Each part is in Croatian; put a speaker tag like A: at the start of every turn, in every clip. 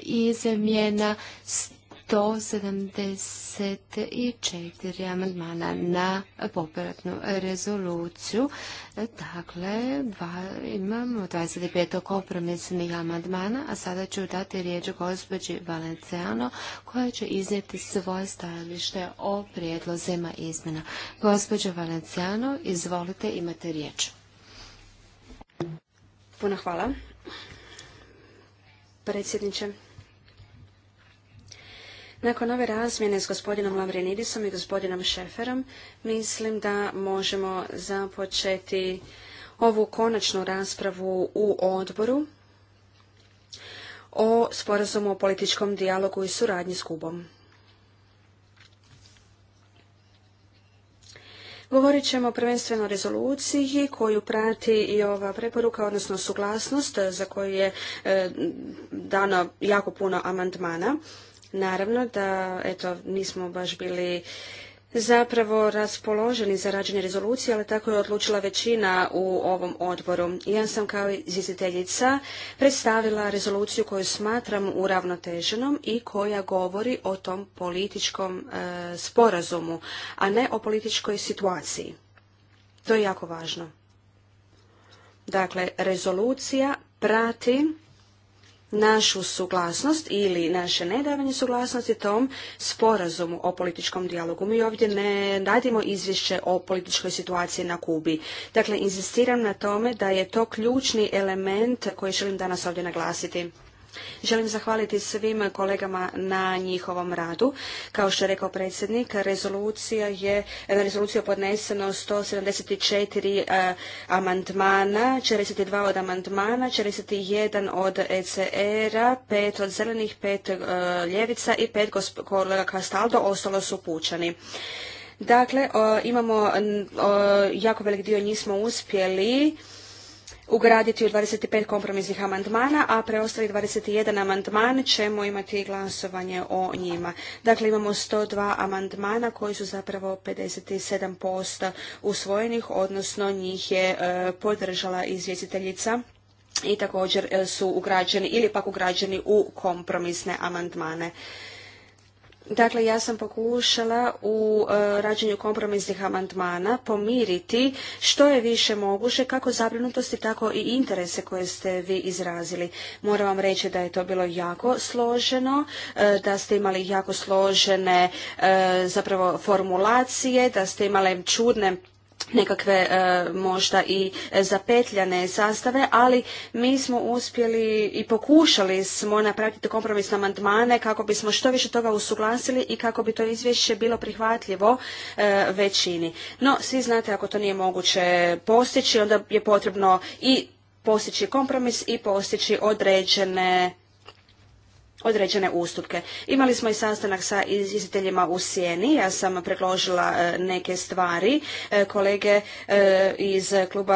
A: izmjena 174 amandmana na popratnu rezoluciju. Dakle, imamo 25 kompromisnih amandmana, a sada ću dati riječ gospođi Valenciano koja će iznijeti svoje stajalište o prijedlozima izmjena. Gospođo Valenciano,
B: izvolite, imate riječ. Puno hvala predsjedniče. Nakon ove razmjene s gospodinom Lavrinidisom i gospodinom Šeferom, mislim da možemo započeti ovu konačnu raspravu u odboru o sporazumu o političkom dijalogu i suradnji s Kubom. Govorit ćemo prvenstveno o rezoluciji koju prati i ova preporuka, odnosno suglasnost za koju je e, dano jako puno amandmana. Naravno da eto nismo baš bili zapravo raspoloženi za rađenje rezolucije, ali tako je odlučila većina u ovom odboru. Ja sam kao izvjestiteljica predstavila rezoluciju koju smatram uravnoteženom i koja govori o tom političkom e, sporazumu, a ne o političkoj situaciji. To je jako važno. Dakle, rezolucija prati našu suglasnost ili naše nedavanje suglasnosti tom sporazumu o političkom dijalogu. Mi ovdje ne radimo izvješće o političkoj situaciji na Kubi. Dakle, insistiram na tome da je to ključni element koji želim danas ovdje naglasiti. Želim zahvaliti svim kolegama na njihovom radu. Kao što je rekao predsjednik, rezolucija je, na rezoluciju podneseno 174 amantmana, e, amandmana, 42 od amandmana, 41 od ECR-a, 5 od zelenih, 5 e, ljevica i 5 kolega Kastaldo, ostalo su pučani. Dakle, imamo jako velik dio njih smo uspjeli ugraditi u 25 kompromisnih amandmana, a preostali 21 amandman ćemo imati glasovanje o njima. Dakle, imamo 102 amandmana koji su zapravo 57% usvojenih, odnosno njih je e, podržala izvjestiteljica i također e, su ugrađeni ili pak ugrađeni u kompromisne amandmane. Dakle, ja sam pokušala u e, rađenju kompromisnih amandmana pomiriti što je više moguće kako zabrinutosti, tako i interese koje ste vi izrazili. Moram vam reći da je to bilo jako složeno, e, da ste imali jako složene e, zapravo formulacije, da ste imali čudne nekakve e, možda i zapetljane sastave, ali mi smo uspjeli i pokušali smo napraviti kompromisne amandmane kako bismo što više toga usuglasili i kako bi to izvješće bilo prihvatljivo e, većini. No, svi znate ako to nije moguće postići, onda je potrebno i postići kompromis i postići određene određene ustupke. Imali smo i sastanak sa izvjestiteljima u Sjeni, ja sam predložila e, neke stvari. E, kolege e, iz kluba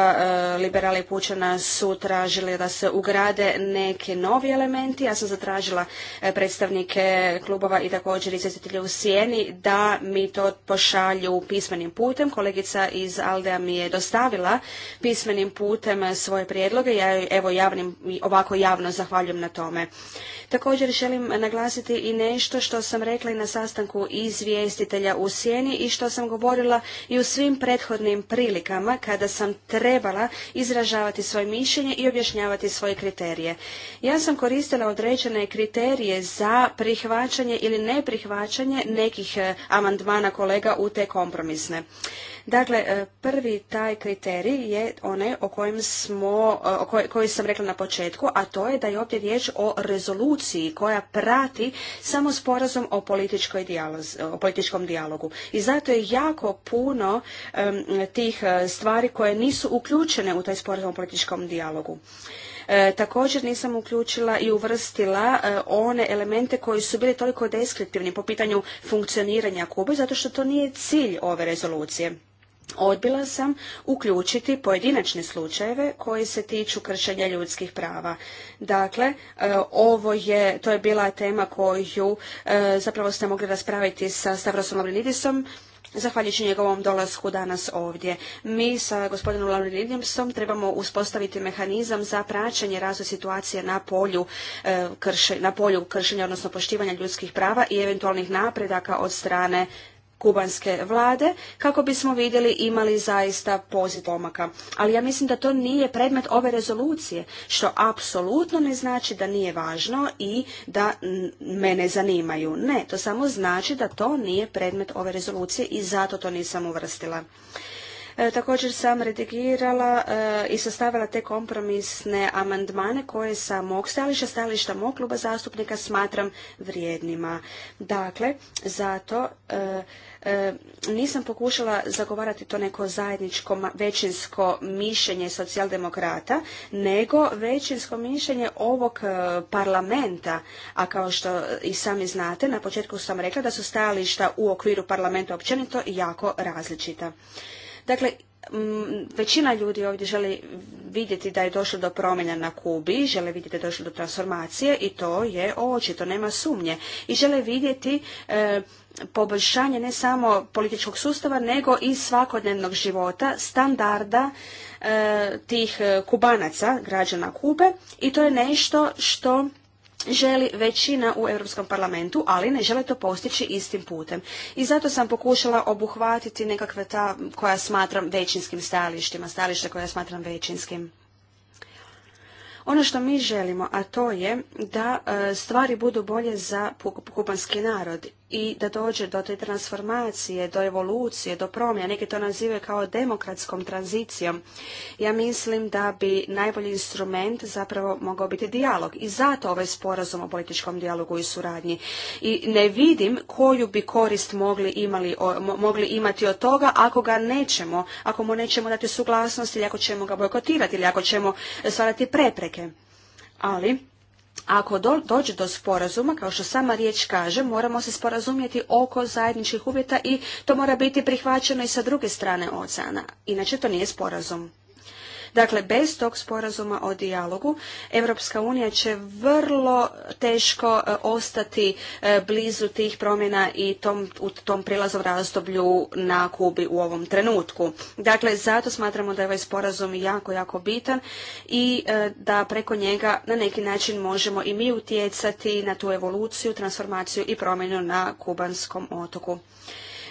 B: Liberali i Pučana su tražili da se ugrade neki novi elementi, ja sam zatražila predstavnike klubova i također izvjestitelje u Sjeni da mi to pošalju pismenim putem. Kolegica iz Aldea mi je dostavila pismenim putem svoje prijedloge, ja evo javnim, ovako javno zahvaljujem na tome. Također želim naglasiti i nešto što sam rekla i na sastanku izvjestitelja u Sjeni i što sam govorila i u svim prethodnim prilikama kada sam trebala izražavati svoje mišljenje i objašnjavati svoje kriterije. Ja sam koristila određene kriterije za prihvaćanje ili neprihvaćanje nekih e, amandmana kolega u te kompromisne. Dakle, e, prvi taj kriterij je onaj o kojem smo, e, o koji sam rekla na početku, a to je da je ovdje riječ o rezoluciji koja koja prati samo sporazum o, o političkom dijalogu. I zato je jako puno tih e, stvari koje nisu uključene u taj sporazum o političkom dijalogu. E, također nisam uključila i uvrstila e, one elemente koji su bili toliko deskriptivni po pitanju funkcioniranja Kube, zato što to nije cilj ove rezolucije odbila sam uključiti pojedinačne slučajeve koji se tiču kršenja ljudskih prava. Dakle, e, ovo je, to je bila tema koju e, zapravo ste mogli raspraviti sa Stavrosom Lavrinidisom, zahvaljujući njegovom dolasku danas ovdje. Mi sa gospodinom Lavrinidimsom trebamo uspostaviti mehanizam za praćenje razvoja situacije na polju, e, na polju kršenja, odnosno poštivanja ljudskih prava i eventualnih napredaka od strane kubanske vlade kako bismo vidjeli imali zaista pomaka. Ali ja mislim da to nije predmet ove rezolucije, što apsolutno ne znači da nije važno i da mene zanimaju. Ne, to samo znači da to nije predmet ove rezolucije i zato to nisam uvrstila. E, također sam redigirala e, i sastavila te kompromisne amandmane koje sa mog stajališta, stajališta mog kluba zastupnika smatram vrijednima. Dakle, zato e, nisam pokušala zagovarati to neko zajedničko većinsko mišljenje socijaldemokrata, nego većinsko mišljenje ovog parlamenta, a kao što i sami znate, na početku sam rekla da su stajališta u okviru parlamenta općenito jako različita. Dakle, većina ljudi ovdje želi vidjeti da je došlo do promjena na Kubi, žele vidjeti da je došlo do transformacije i to je očito, nema sumnje. I žele vidjeti e, poboljšanje ne samo političkog sustava, nego i svakodnevnog života, standarda e, tih e, kubanaca, građana Kube i to je nešto što želi većina u Europskom parlamentu, ali ne žele to postići istim putem. I zato sam pokušala obuhvatiti nekakve ta koja smatram većinskim stajalištima, stajališta koja smatram većinskim. Ono što mi želimo, a to je da e, stvari budu bolje za kupanski narod i da dođe do te transformacije, do evolucije, do promjena, Neki to nazivaju kao demokratskom tranzicijom. Ja mislim da bi najbolji instrument zapravo mogao biti dijalog. I zato ovaj sporazum o političkom dijalogu i suradnji. I ne vidim koju bi korist mogli, imali, mogli imati od toga ako ga nećemo, ako mu nećemo dati suglasnost ili ako ćemo ga bojkotirati ili ako ćemo stvarati prepreke. Ali, ako dođe do sporazuma, kao što sama riječ kaže, moramo se sporazumjeti oko zajedničkih uvjeta i to mora biti prihvaćeno i sa druge strane oceana. Inače to nije sporazum. Dakle, bez tog sporazuma o dijalogu Evropska unija će vrlo teško e, ostati e, blizu tih promjena i tom, u tom prilazom razdoblju na Kubi u ovom trenutku. Dakle, zato smatramo da je ovaj sporazum jako, jako bitan i e, da preko njega na neki način možemo i mi utjecati na tu evoluciju, transformaciju i promjenu na kubanskom otoku.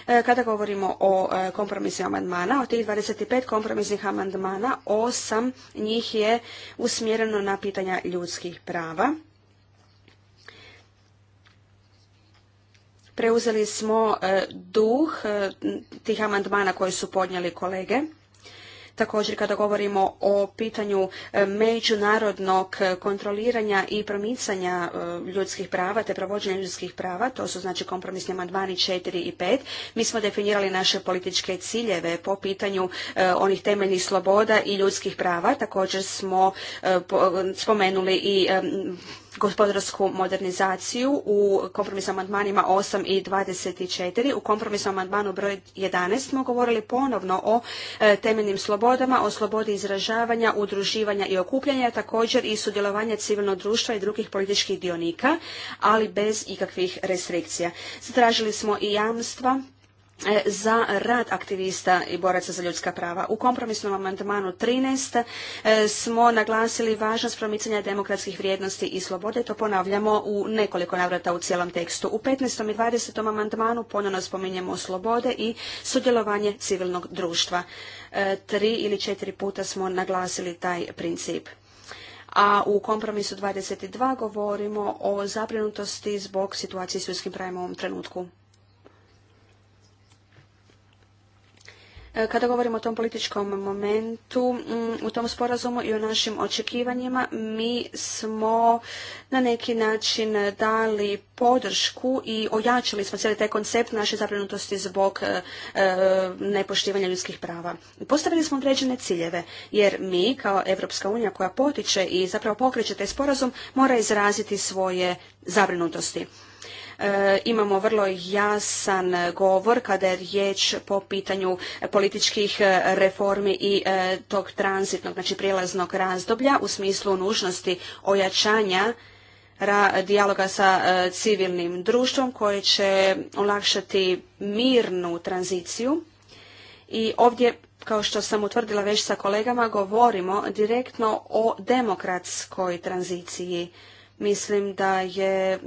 B: E, kada govorimo o e, kompromisnim amandmana, od tih 25 kompromisnih amandmana, osam njih je usmjereno na pitanja ljudskih prava. Preuzeli smo e, duh tih amandmana koje su podnijeli kolege Također kada govorimo o pitanju e, međunarodnog kontroliranja i promicanja e, ljudskih prava te provođenja ljudskih prava, to su znači kompromisni amandmani 4 i 5, mi smo definirali naše političke ciljeve po pitanju e, onih temeljnih sloboda i ljudskih prava. Također smo spomenuli i gospodarsku modernizaciju u kompromisnom amandmanima 8 i 24. U kompromisnom amandmanu broj 11 smo govorili ponovno o e, temeljnim slobodama, o slobodi izražavanja, udruživanja i okupljanja, također i sudjelovanja civilnog društva i drugih političkih dionika, ali bez ikakvih restrikcija. Zatražili smo i jamstva E, za rad aktivista i boraca za ljudska prava. U kompromisnom amandmanu 13 e, smo naglasili važnost promicanja demokratskih vrijednosti i slobode. To ponavljamo u nekoliko navrata u cijelom tekstu. U 15. i 20. amandmanu ponovno spominjemo slobode i sudjelovanje civilnog društva. E, tri ili četiri puta smo naglasili taj princip a u kompromisu 22 govorimo o zabrinutosti zbog situacije s ljudskim pravima u ovom trenutku. Kada govorimo o tom političkom momentu, mm, u tom sporazumu i o našim očekivanjima, mi smo na neki način dali podršku i ojačili smo cijeli taj koncept naše zabrinutosti zbog e, nepoštivanja ljudskih prava. Postavili smo određene ciljeve, jer mi kao Evropska unija koja potiče i zapravo pokreće taj sporazum mora izraziti svoje zabrinutosti. E, imamo vrlo jasan govor kada je riječ po pitanju političkih reformi i e, tog tranzitnog, znači prijelaznog razdoblja u smislu nužnosti ojačanja dijaloga sa e, civilnim društvom koje će olakšati mirnu tranziciju. I ovdje, kao što sam utvrdila već sa kolegama, govorimo direktno o demokratskoj tranziciji. Mislim da je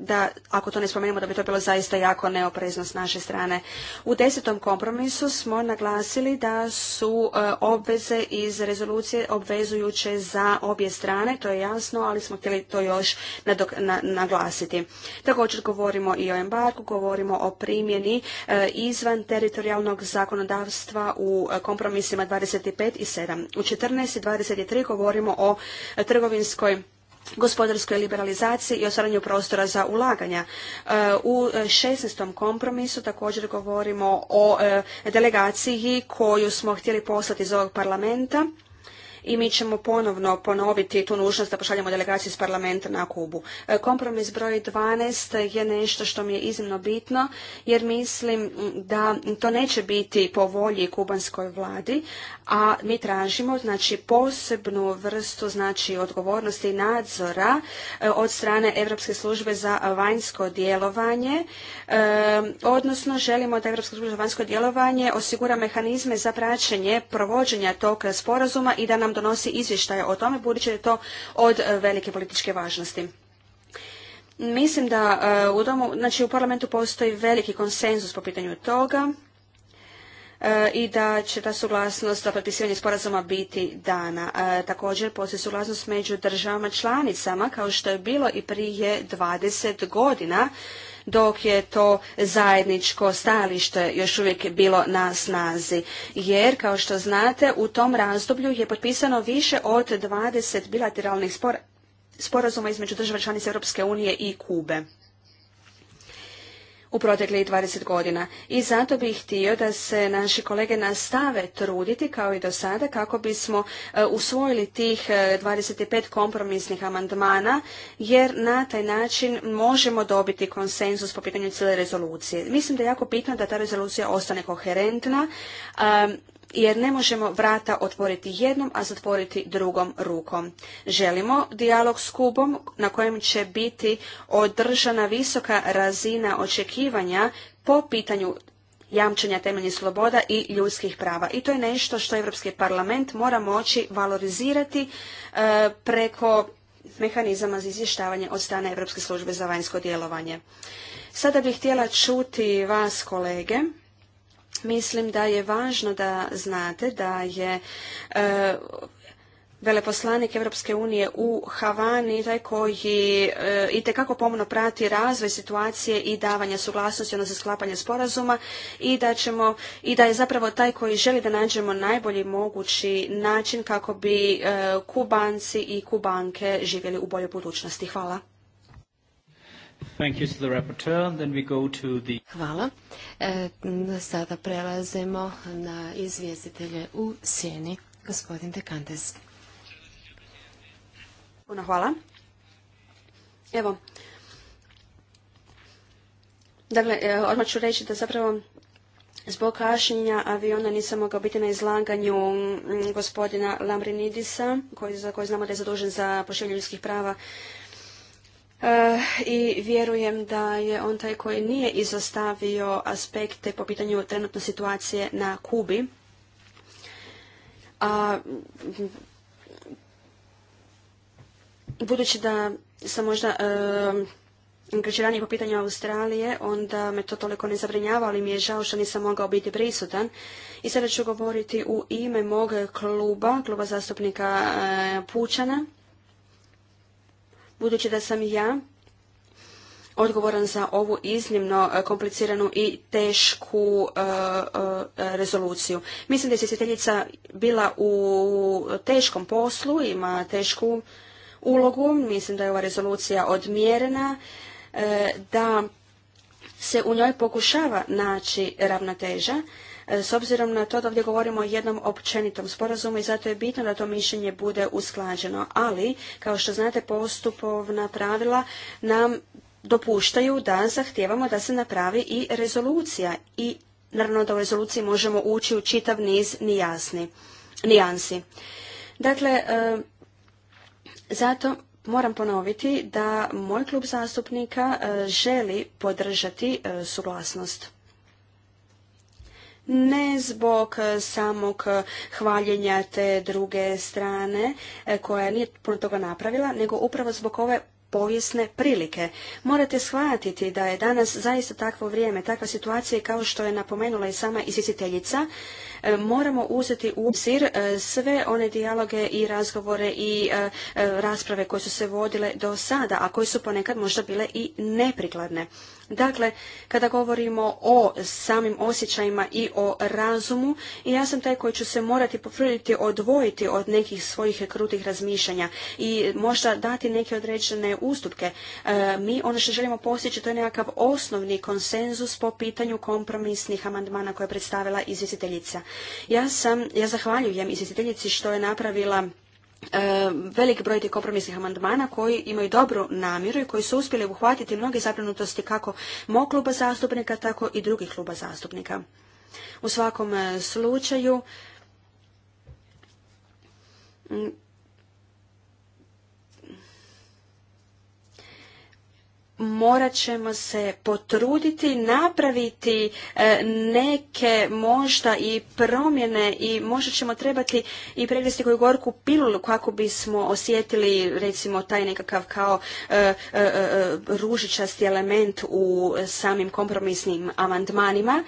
B: da ako to ne spomenemo da bi to bilo zaista jako neoprezno s naše strane. U desetom kompromisu smo naglasili da su e, obveze iz rezolucije obvezujuće za obje strane, to je jasno, ali smo htjeli to još naglasiti. Također govorimo i o embarku, govorimo o primjeni e, izvan teritorijalnog zakonodavstva u e, kompromisima 25 i 7. U 14 i 23 govorimo o trgovinskoj gospodarskoj liberalizaciji i osvaranju prostora za ulaganja. E, u 16. kompromisu također govorimo o e, delegaciji koju smo htjeli poslati iz ovog parlamenta i mi ćemo ponovno ponoviti tu nužnost da pošaljemo delegaciju iz parlamenta na Kubu. E, kompromis broj 12 je nešto što mi je iznimno bitno jer mislim da to neće biti po volji kubanskoj vladi, a mi tražimo znači posebnu vrstu znači odgovornosti i nadzora e, od strane Europske službe za vanjsko djelovanje, e, odnosno želimo da Europska služba za vanjsko djelovanje osigura mehanizme za praćenje provođenja tog sporazuma i da nam donosi izvještaje o tome, budući da je to od e, velike političke važnosti. Mislim da e, u domu, znači u parlamentu postoji veliki konsenzus po pitanju toga e, i da će ta suglasnost za potpisivanje sporazuma biti dana. također postoji suglasnost među državama članicama kao što je bilo i prije 20 godina dok je to zajedničko stajalište još uvijek bilo na snazi. Jer, kao što znate, u tom razdoblju je potpisano više od 20 bilateralnih sporazuma između država članica Europske unije i Kube u proteklih 20 godina. I zato bih htio da se naši kolege nastave truditi kao i do sada kako bismo e, usvojili tih 25 e, kompromisnih amandmana jer na taj način možemo dobiti konsenzus po pitanju cijele rezolucije. Mislim da je jako bitno da ta rezolucija ostane koherentna jer ne možemo vrata otvoriti jednom, a zatvoriti drugom rukom. Želimo dijalog s Kubom na kojem će biti održana visoka razina očekivanja po pitanju jamčenja temeljnih sloboda i ljudskih prava. I to je nešto što Europski parlament mora moći valorizirati e, preko mehanizama za izvještavanje od strane Europske službe za vanjsko djelovanje. Sada bih htjela čuti vas kolege Mislim da je važno da znate da je e, veleposlanik Europske unije u Havani, taj koji te itekako pomno prati razvoj situacije i davanja suglasnosti, odnosno sklapanja sporazuma i da ćemo, i da je zapravo taj koji želi da nađemo najbolji mogući način kako bi e, Kubanci i Kubanke živjeli u boljoj budućnosti. Hvala.
A: Hvala. sada prelazimo na izvjestitelje u sjeni. Gospodin Dekantes. Puno hvala.
B: Evo, dakle, e, odmah ću reći da zapravo zbog kašnjenja aviona nisam mogao biti na izlaganju gospodina Lambrinidisa, koji, za koji znamo da je zadužen za poštivanje ljudskih prava i vjerujem da je on taj koji nije izostavio aspekte po pitanju trenutne situacije na Kubi. A, budući da sam možda e, ranije po pitanju Australije, onda me to toliko ne zabrinjava, ali mi je žao što nisam mogao biti prisutan. I sada ću govoriti u ime mog kluba, kluba zastupnika e, Pučana budući da sam ja odgovoran za ovu iznimno e, kompliciranu i tešku e, e, rezoluciju. Mislim da je svjetiteljica bila u teškom poslu, ima tešku ulogu, mislim da je ova rezolucija odmjerena, da se u njoj pokušava naći ravnoteža, E, s obzirom na to da ovdje govorimo o jednom općenitom sporazumu i zato je bitno da to mišljenje bude usklađeno. Ali, kao što znate, postupovna pravila nam dopuštaju da zahtijevamo da se napravi i rezolucija i naravno da u rezoluciji možemo ući u čitav niz nijasni, nijansi. Dakle, e, zato moram ponoviti da moj klub zastupnika e, želi podržati suglasnost ne zbog e, samog hvaljenja te druge strane e, koja nije puno toga napravila, nego upravo zbog ove povijesne prilike. Morate shvatiti da je danas zaista takvo vrijeme, takva situacija kao što je napomenula i sama izvjestiteljica, e, moramo uzeti u obzir sve one dijaloge i razgovore i rasprave koje su se vodile do sada, a koje su ponekad možda bile i neprikladne. Dakle, kada govorimo o samim osjećajima i o razumu, i ja sam taj koji ću se morati potruditi odvojiti od nekih svojih krutih razmišljanja i možda dati neke određene ustupke. E, mi ono što želimo postići to je nekakav osnovni konsenzus po pitanju kompromisnih amandmana koje je predstavila izvjestiteljica. Ja sam, ja zahvaljujem izvjestiteljici što je napravila E, veliki broj tih kompromisnih amandmana koji imaju dobru namjeru i koji su uspjeli uhvatiti mnoge zabrinutosti kako mog kluba zastupnika, tako i drugih kluba zastupnika. U svakom e, slučaju, morat ćemo se potruditi, napraviti e, neke možda i promjene i možda ćemo trebati i prevesti koju gorku pilulu kako bismo osjetili recimo taj nekakav kao e, e, ružičasti element u samim kompromisnim amandmanima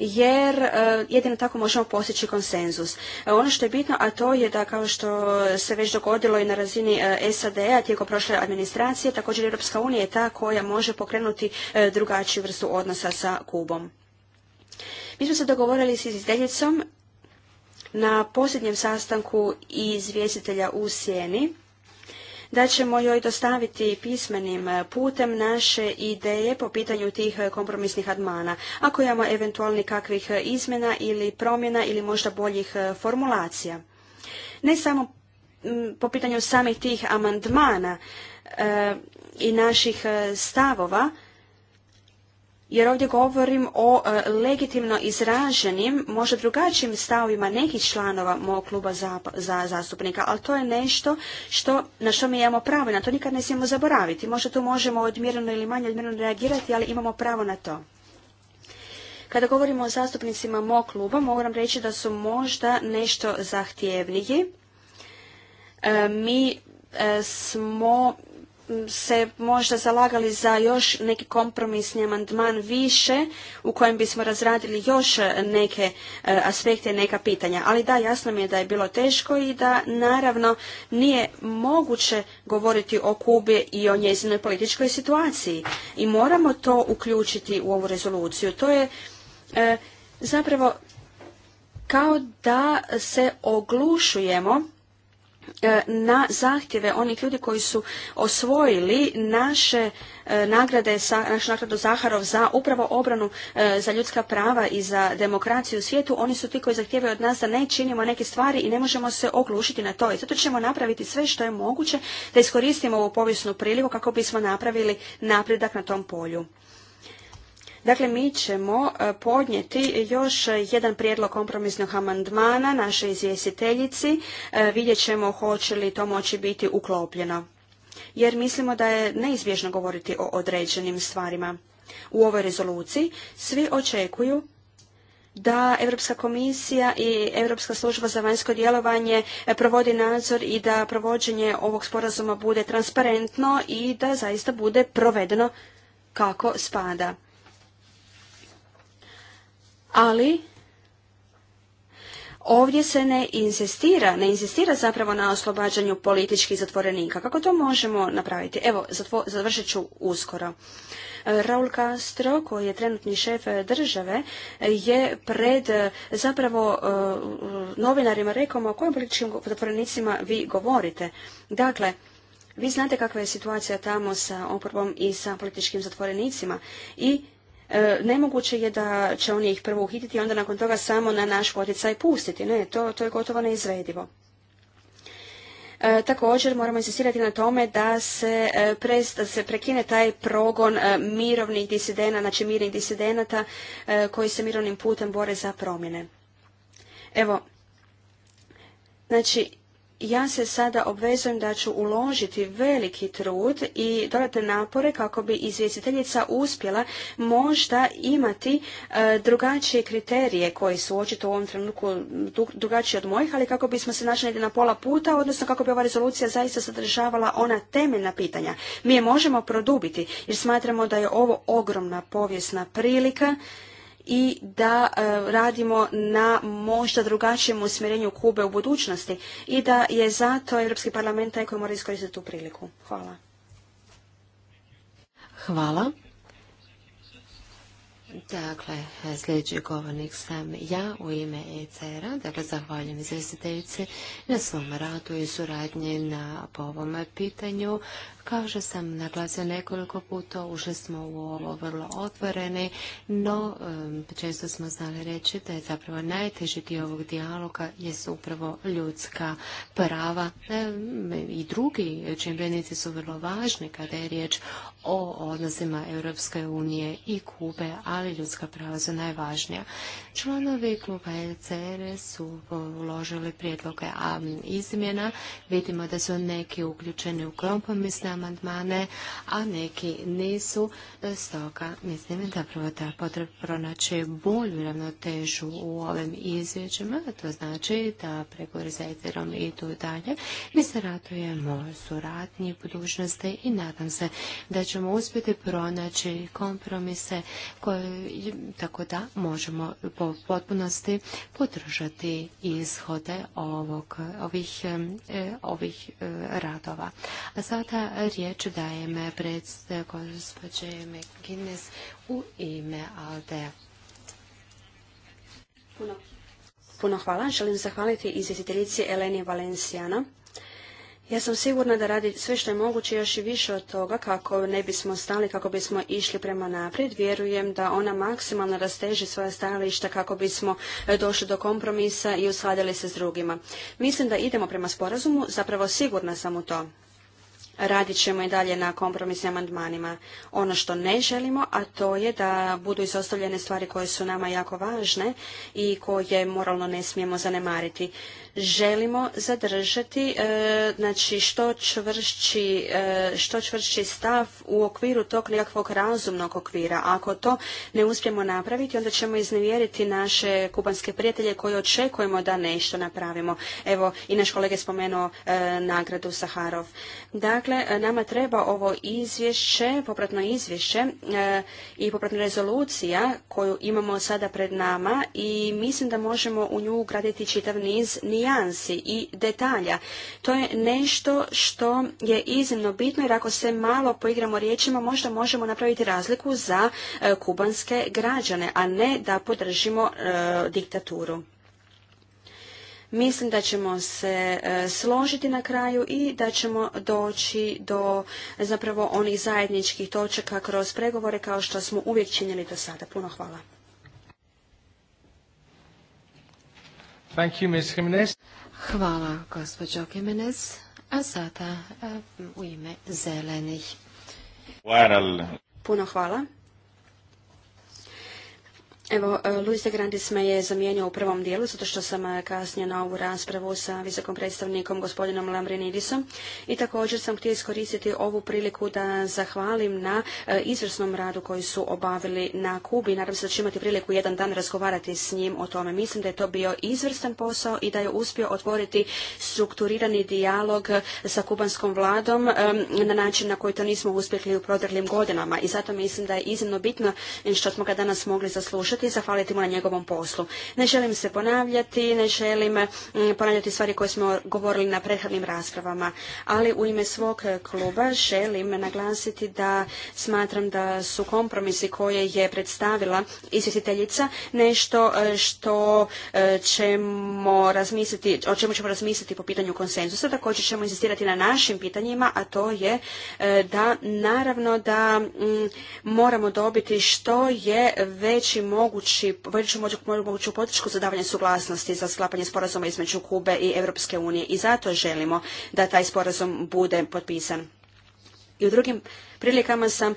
B: jer e, jedino tako možemo postići konsenzus. E, ono što je bitno, a to je da kao što se već dogodilo i na razini e, SAD-a tijekom prošle administracije, također Europska unija je ta koja može pokrenuti drugačiju vrstu odnosa sa Kubom. Mi smo se dogovorili s izdeljicom na posljednjem sastanku izvjestitelja u Sjeni da ćemo joj dostaviti pismenim e, putem naše ideje po pitanju tih e, kompromisnih admana. Ako imamo eventualni kakvih e, izmjena ili promjena ili možda boljih formulacija. Ne samo po pitanju samih tih amandmana i naših stavova, jer ovdje govorim o e, legitimno izraženim, možda drugačijim stavima nekih članova mog kluba za, zastupnika, ali to je nešto na što mi imamo pravo i na to nikad ne smijemo zaboraviti. Možda tu možemo odmjereno ili manje odmjereno reagirati, ali imamo pravo na to. Kada govorimo o zastupnicima mog kluba, mogu nam reći da su možda nešto zahtjevniji. E, mi e, smo se možda zalagali za još neki kompromisni amandman više u kojem bismo razradili još neke e, aspekte neka pitanja. Ali da, jasno mi je da je bilo teško i da naravno nije moguće govoriti o Kubi i o njezinoj političkoj situaciji. I moramo to uključiti u ovu rezoluciju. To je e, zapravo kao da se oglušujemo E, na zahtjeve onih ljudi koji su osvojili naše e, nagrade, našu nagradu Zaharov za upravo obranu e, za ljudska prava i za demokraciju u svijetu, oni su ti koji zahtijevaju od nas da ne činimo neke stvari i ne možemo se oglušiti na to. I zato ćemo napraviti sve što je moguće da iskoristimo ovu povijesnu priliku kako bismo napravili napredak na tom polju. Dakle, mi ćemo e, podnijeti još jedan prijedlog kompromisnog amandmana našoj izvjestiteljici. E, vidjet ćemo hoće li to moći biti uklopljeno. Jer mislimo da je neizbježno govoriti o određenim stvarima. U ovoj rezoluciji svi očekuju da Europska komisija i Europska služba za vanjsko djelovanje e, provodi nadzor i da provođenje ovog sporazuma bude transparentno i da zaista bude provedeno kako spada ali ovdje se ne insistira, ne insistira zapravo na oslobađanju političkih zatvorenika. Kako to možemo napraviti? Evo, završit ću uskoro. E, Raul Castro, koji je trenutni šef države, je pred e, zapravo e, novinarima rekao o kojim političkim zatvorenicima vi govorite. Dakle, vi znate kakva je situacija tamo sa oporbom i sa političkim zatvorenicima i E, nemoguće je da će oni ih prvo uhititi i onda nakon toga samo na naš poticaj pustiti. Ne, to, to je gotovo neizvedivo. E, također moramo insistirati na tome da se, e, pre, se prekine taj progon mirovnih disidenata, znači mirnih disidenata koji se mirovnim putem bore za promjene. Evo, znači ja se sada obvezujem da ću uložiti veliki trud i dodatne napore kako bi izvjestiteljica uspjela možda imati e, drugačije kriterije koji su očito u ovom trenutku drugačiji od mojih, ali kako bismo se našli na pola puta, odnosno kako bi ova rezolucija zaista sadržavala ona temeljna pitanja. Mi je možemo produbiti jer smatramo da je ovo ogromna povijesna prilika i da e, radimo na možda drugačijem usmjerenju Kube u budućnosti i da je zato Europski parlament taj koji mora iskoristiti tu priliku. Hvala.
A: Hvala. Dakle, sljedeći govornik sam ja u ime ECR-a. Dakle, zahvaljujem izvjestiteljice na svom radu i suradnje na po ovom pitanju. Kao što sam naglasio nekoliko puta, ušli smo u ovo vrlo otvoreni, no često smo znali reći da je zapravo najteži dio ovog dijaloga jesu upravo ljudska prava i drugi čimbenici su vrlo važni kada je riječ o odnosima Europske unije i Kube, ali ljudska prava su najvažnija. Članovi kluba LCR su uložili prijedloge izmjena. Vidimo da su neki uključeni u kompromisne amandmane, a neki nisu. Stoga mislim da prvo da potrebno pronaći bolju ravnotežu u ovim izvješćima. To znači da pregovori za tu idu dalje. Mi se ratujemo suradnji budućnosti i nadam se da ćemo uspjeti pronaći kompromise koje tako da možemo po potpunosti podržati ishode ovog, ovih, e, ovih e, radova. A sada riječ dajem gospođe u ime Aldea.
B: Puno. hvala. Želim zahvaliti izvjestiteljici Eleni Valencijana. Ja sam sigurna da radi sve što je moguće još i više od toga kako ne bismo stali, kako bismo išli prema naprijed. Vjerujem da ona maksimalno rasteži svoje stajališta kako bismo e, došli do kompromisa i uskladili se s drugima. Mislim da idemo prema sporazumu, zapravo sigurna sam u to radit ćemo i dalje na kompromisnim amandmanima. Ono što ne želimo, a to je da budu izostavljene stvari koje su nama jako važne i koje moralno ne smijemo zanemariti želimo zadržati e, znači što čvršći, e, što čvršći stav u okviru tog nekakvog razumnog okvira. Ako to ne uspijemo napraviti, onda ćemo iznevjeriti naše kubanske prijatelje koji očekujemo da nešto napravimo. Evo, i naš kolega je spomenuo e, nagradu Saharov. Dakle, nama treba ovo izvješće, popratno izvješće i popratna rezolucija koju imamo sada pred nama i mislim da možemo u nju ugraditi čitav niz nijansi i detalja. To je nešto što je iznimno bitno jer ako se malo poigramo riječima možda možemo napraviti razliku za e, kubanske građane, a ne da podržimo e, diktaturu. Mislim da ćemo se e, složiti na kraju i da ćemo doći do zapravo onih zajedničkih točaka kroz pregovore kao što smo uvijek činili do sada. Puno hvala.
C: Thank
A: Hvala, gospođo Jimenez. A sada eh, u ime zelenih.
B: Puno hvala. Evo, e, Luis de Grandis me je zamijenio u prvom dijelu, zato što sam e, kasnije na ovu raspravu sa visokom predstavnikom gospodinom Lambrinidisom i također sam htio iskoristiti ovu priliku da zahvalim na e, izvrsnom radu koji su obavili na Kubi. Nadam se da ću imati priliku jedan dan razgovarati s njim o tome. Mislim da je to bio izvrstan posao i da je uspio otvoriti strukturirani dijalog sa kubanskom vladom na način na koji to nismo uspjeli u proteklim godinama. I zato mislim da je iznimno bitno što smo ga danas mogli zaslušati i zahvaliti mu na njegovom poslu. Ne želim se ponavljati, ne želim mm, ponavljati stvari koje smo govorili na prethodnim raspravama, ali u ime svog kluba želim naglasiti da smatram da su kompromisi koje je predstavila izvjestiteljica nešto e, što e, ćemo razmisliti, o čemu ćemo razmisliti po pitanju konsenzusa. Također ćemo insistirati na našim pitanjima, a to je e, da naravno da mm, moramo dobiti što je veći mogu mogući, moguću potičku za davanje suglasnosti za sklapanje sporazuma između Kube i Europske unije i zato želimo da taj sporazum bude potpisan. I u drugim prilikama sam e,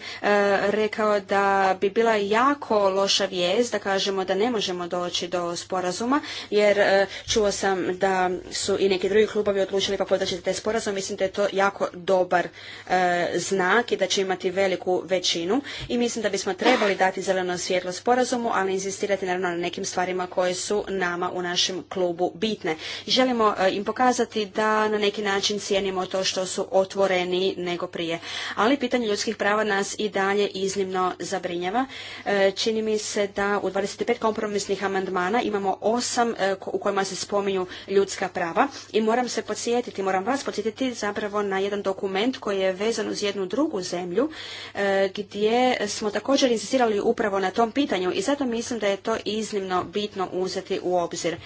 B: rekao da bi bila jako loša vijest da kažemo da ne možemo doći do sporazuma jer e, čuo sam da su i neki drugi klubovi odlučili pa podržati taj sporazum. Mislim da je to jako dobar e, znak i da će imati veliku većinu i mislim da bismo trebali dati zeleno svjetlo sporazumu, ali insistirati naravno na nekim stvarima koje su nama u našem klubu bitne. Želimo im pokazati da na neki način cijenimo to što su otvoreni nego prije. Ali pitanje ljudskih prava nas i dalje iznimno zabrinjava. E, čini mi se da u 25 kompromisnih amandmana imamo osam e, u kojima se spominju ljudska prava i moram se podsjetiti, moram vas podsjetiti zapravo na jedan dokument koji je vezan uz jednu drugu zemlju e, gdje smo također insistirali upravo na tom pitanju i zato mislim da je to iznimno bitno uzeti u obzir.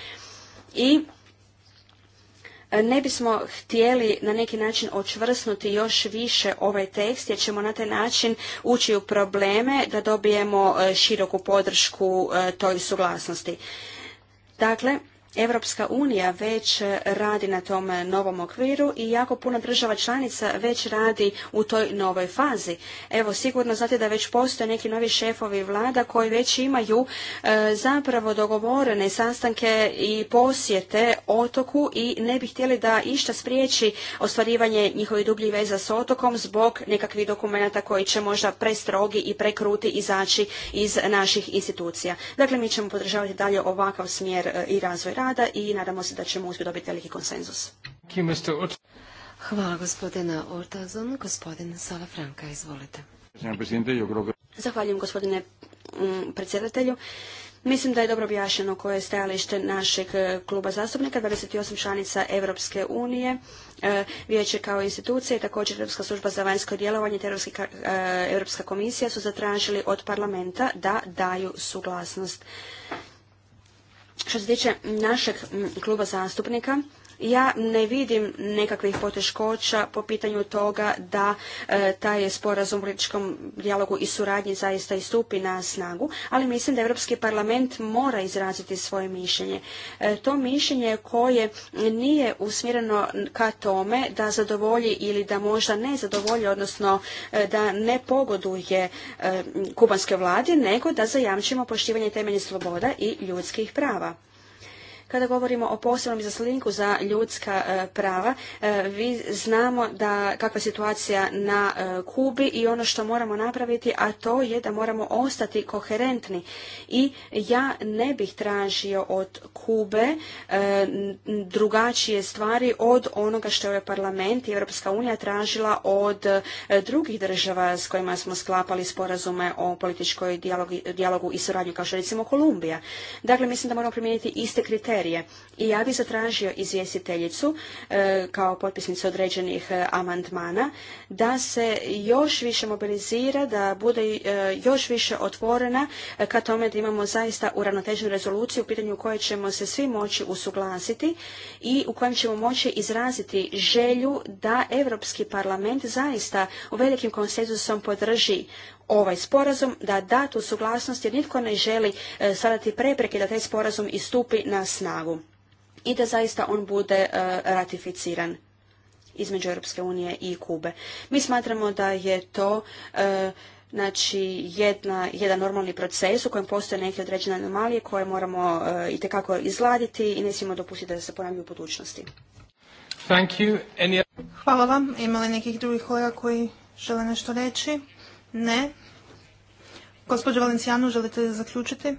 B: I E, ne bismo htjeli na neki način očvrsnuti još više ovaj tekst jer ćemo na taj način ući u probleme da dobijemo e, široku podršku e, toj suglasnosti. Dakle, Europska unija već radi na tom novom okviru i jako puno država članica već radi u toj novoj fazi. Evo, sigurno znate da već postoje neki novi šefovi vlada koji već imaju e, zapravo dogovorene sastanke i posjete otoku i ne bi htjeli da išta spriječi ostvarivanje njihovih dubljih veza s otokom zbog nekakvih dokumenata koji će možda prestrogi i prekruti izaći iz naših institucija. Dakle, mi ćemo podržavati dalje ovakav smjer e, i razvoj i nadamo se da ćemo uspjeti dobiti veliki konsenzus.
A: Hvala gospodina Ortazon. Gospodin Sala izvolite.
B: Zahvaljujem gospodine mm, predsjedatelju. Mislim da je dobro objašnjeno koje je stajalište našeg e, kluba zastupnika, 28 članica Europske unije, e, vijeće kao institucije, također Europska služba za vanjsko djelovanje te e, Europska komisija su zatražili od parlamenta da daju suglasnost što se tiče našeg kluba zastupnika, ja ne vidim nekakvih poteškoća po pitanju toga da e, taj sporazum u političkom dijalogu i suradnji zaista i stupi na snagu, ali mislim da Europski parlament mora izraziti svoje mišljenje. E, to mišljenje koje nije usmjereno ka tome da zadovolji ili da možda ne zadovolji, odnosno e, da ne pogoduje kubanske vlade, nego da zajamčimo poštivanje temeljnih sloboda i ljudskih prava. Kada govorimo o posebnom izaslaniku za ljudska e, prava, e, vi znamo da kakva je situacija na e, Kubi i ono što moramo napraviti, a to je da moramo ostati koherentni. I ja ne bih tražio od Kube drugačije stvari od onoga što je ovaj parlament i Europska unija tražila od drugih država s kojima smo sklapali sporazume o političkoj dijalogu i suradnju, kao što recimo Kolumbija. Dakle, mislim da moramo primijeniti iste kriterije i ja bih zatražio izvjestiteljicu e, kao potpisnicu određenih e, amandmana da se još više mobilizira, da bude e, još više otvorena ka tome da imamo zaista uravnoteženu rezoluciju u pitanju u kojoj ćemo se svi moći usuglasiti i u kojem ćemo moći izraziti želju da Europski parlament zaista u velikim konsenzusom podrži ovaj sporazum, da da tu suglasnost jer nitko ne želi e, stvarati prepreke da taj sporazum istupi na snagu i da zaista on bude e, ratificiran između Europske unije i Kube. Mi smatramo da je to e, znači jedan normalni proces u kojem postoje neke određene anomalije koje moramo i itekako izladiti i ne smijemo dopustiti da se ponavljaju u budućnosti.
D: Hvala vam. Ima nekih drugih kolega koji žele nešto reći? Ne. Gospođo Valencijanu, želite zaključiti?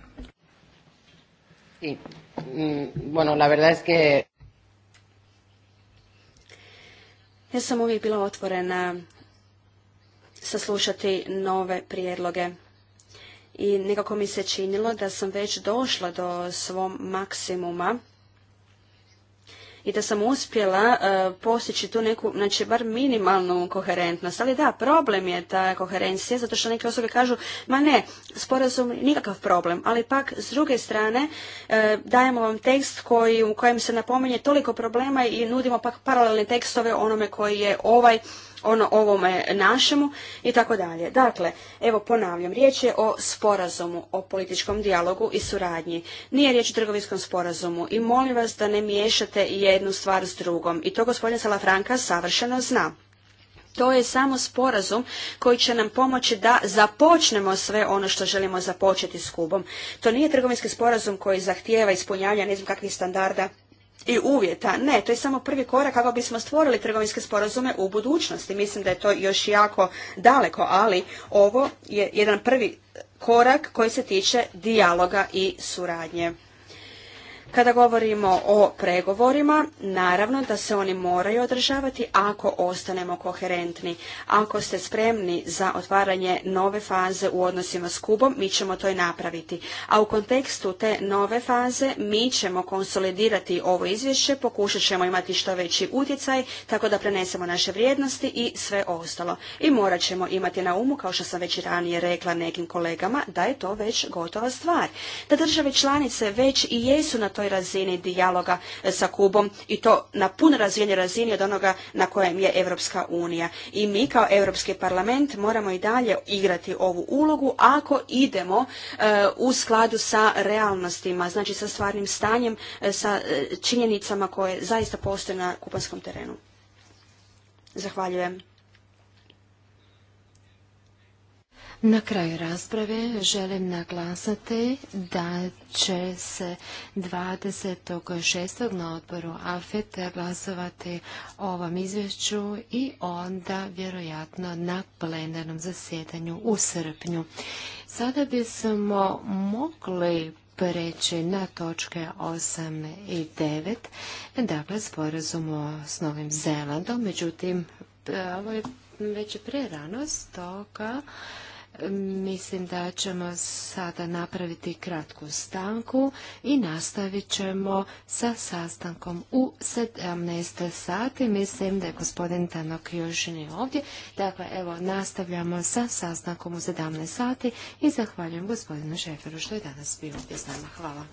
A: Mm,
B: ja sam uvijek bila otvorena saslušati nove prijedloge i nekako mi se činilo da sam već došla do svom maksimuma i da sam uspjela e, postići tu neku, znači bar minimalnu koherentnost. Ali da, problem je ta koherencija, zato što neke osobe kažu, ma ne, sporazum nikakav problem, ali pak s druge strane e, dajemo vam tekst koji, u kojem se napominje toliko problema i nudimo pak paralelne tekstove onome koji je ovaj ono ovome našemu i tako dalje. Dakle, evo ponavljam, riječ je o sporazumu, o političkom dijalogu i suradnji. Nije riječ o trgovinskom sporazumu i molim vas da ne miješate jednu stvar s drugom. I to gospodin Salafranka savršeno zna. To je samo sporazum koji će nam pomoći da započnemo sve ono što želimo započeti s Kubom. To nije trgovinski sporazum koji zahtijeva ispunjavanje ne znam kakvih standarda i uvjeta. Ne, to je samo prvi korak kako bismo stvorili trgovinske sporazume u budućnosti. Mislim da je to još jako daleko, ali ovo je jedan prvi korak koji se tiče dijaloga i suradnje. Kada govorimo o pregovorima, naravno da se oni moraju održavati ako ostanemo koherentni. Ako ste spremni za otvaranje nove faze u odnosima s Kubom, mi ćemo to i napraviti. A u kontekstu te nove faze mi ćemo konsolidirati ovo izvješće, pokušat ćemo imati što veći utjecaj, tako da prenesemo naše vrijednosti i sve ostalo. I morat ćemo imati na umu, kao što sam već i ranije rekla nekim kolegama, da je to već gotova stvar. Da države članice već i jesu na toj razini dijaloga e, sa Kubom i to na pun razini razini od onoga na kojem je Europska unija. I mi kao Europski parlament moramo i dalje igrati ovu ulogu ako idemo e, u skladu sa realnostima, znači sa stvarnim stanjem, e, sa činjenicama koje zaista postoje na kupanskom terenu. Zahvaljujem.
A: Na kraju rasprave želim naglasati da će se 26. na odboru AFET glasovati o ovom izvješću i onda vjerojatno na plenarnom zasjedanju u srpnju. Sada bismo mogli preći na točke 8 i 9, dakle sporazumu s Novim Zelandom, međutim ovo je već prerano, stoga Mislim da ćemo sada napraviti kratku stanku i nastavit ćemo sa sastankom u 17 sati. Mislim da je gospodin Tanok još nije ovdje. Dakle, evo, nastavljamo sa sastankom u 17 sati i zahvaljujem gospodinu Šeferu što je danas bio ovdje s nama. Hvala.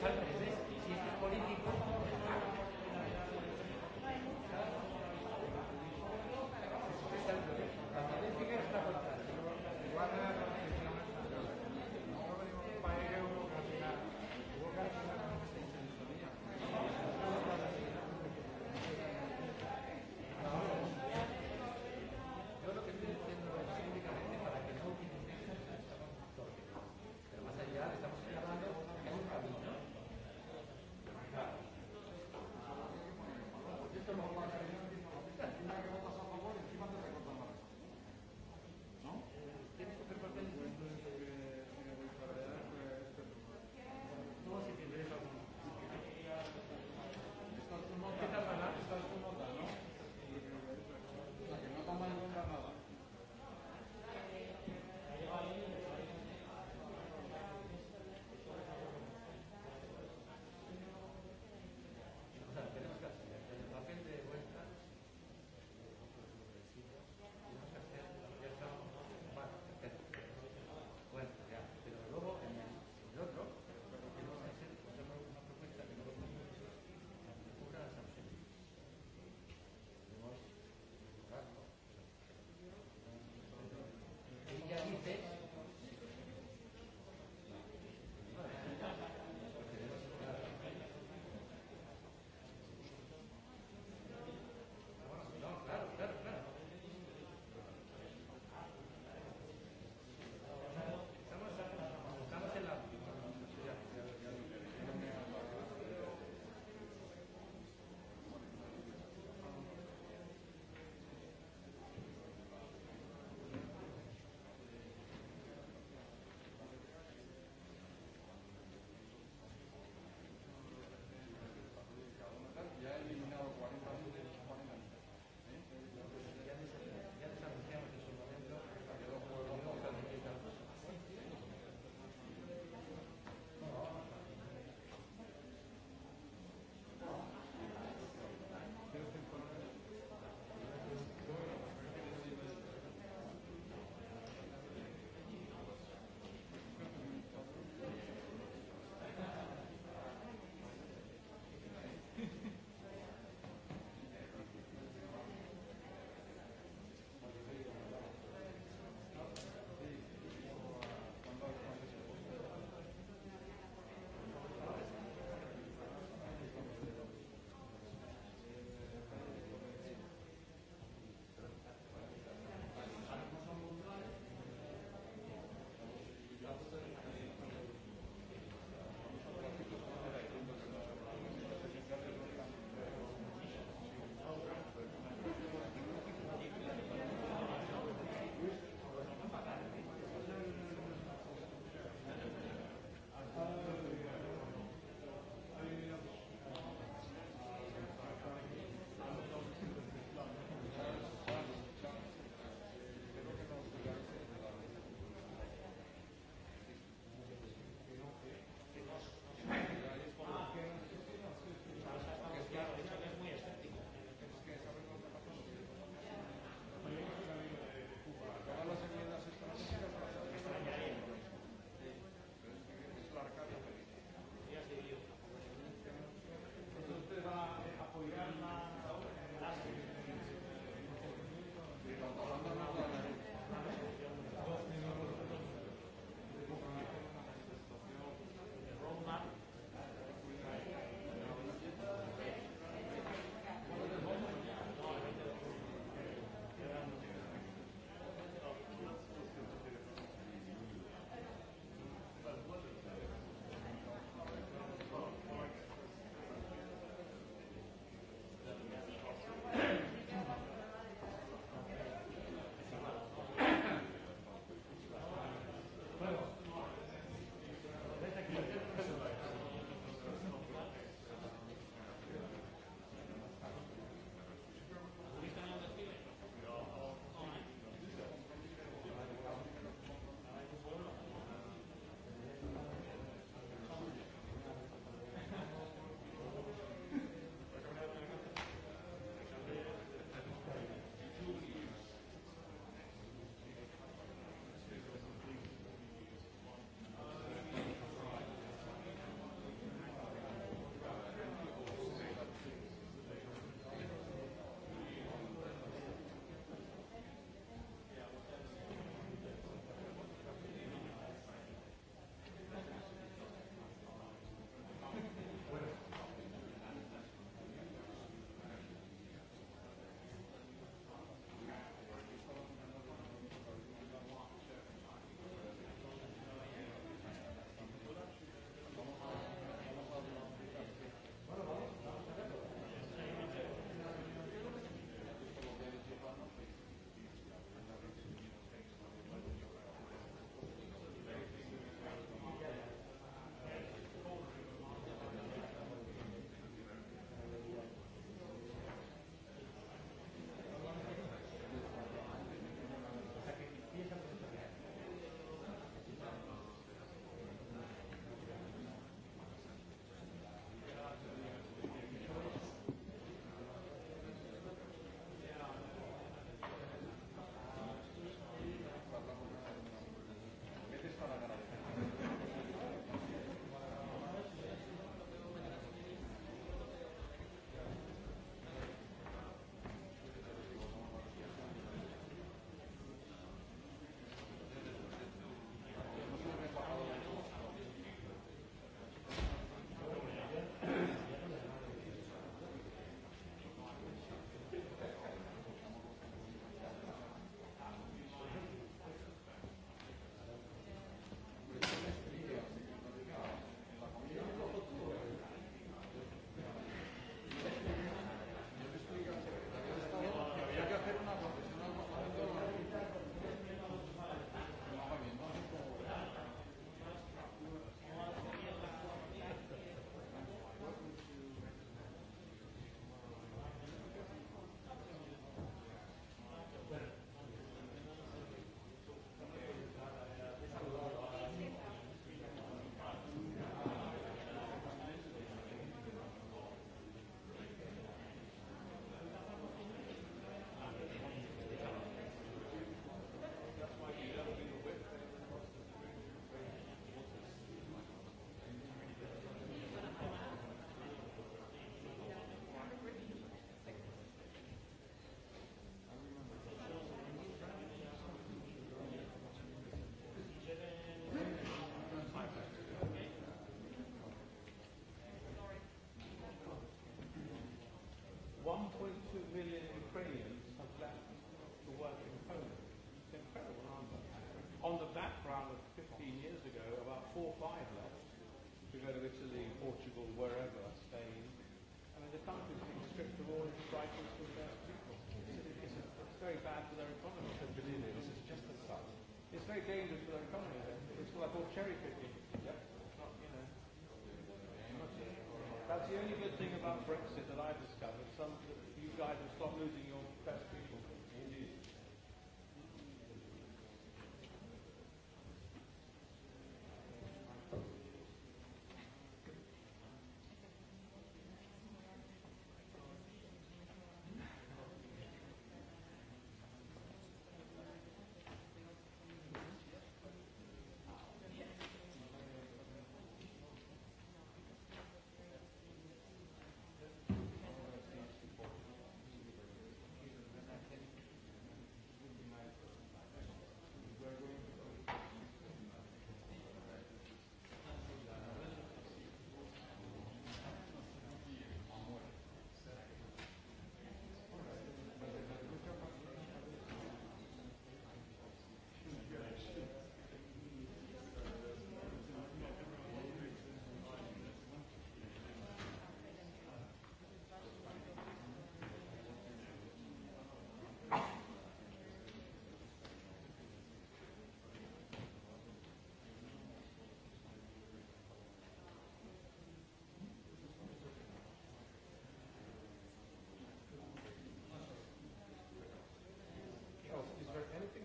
C: hvala bogu two million Ukrainians have left to work in Poland. It's an incredible On the background of 15 years ago, about four or five left to go to Italy, Portugal, wherever, Spain. I mean, the country's being stripped of all its rights for their people. It's, it's very bad for their economy. Believe this is just the start. It's very dangerous for their economy. It's what cherry picking. Not, you know. That's the only good thing about Brexit that I discovered. Some guys will stop losing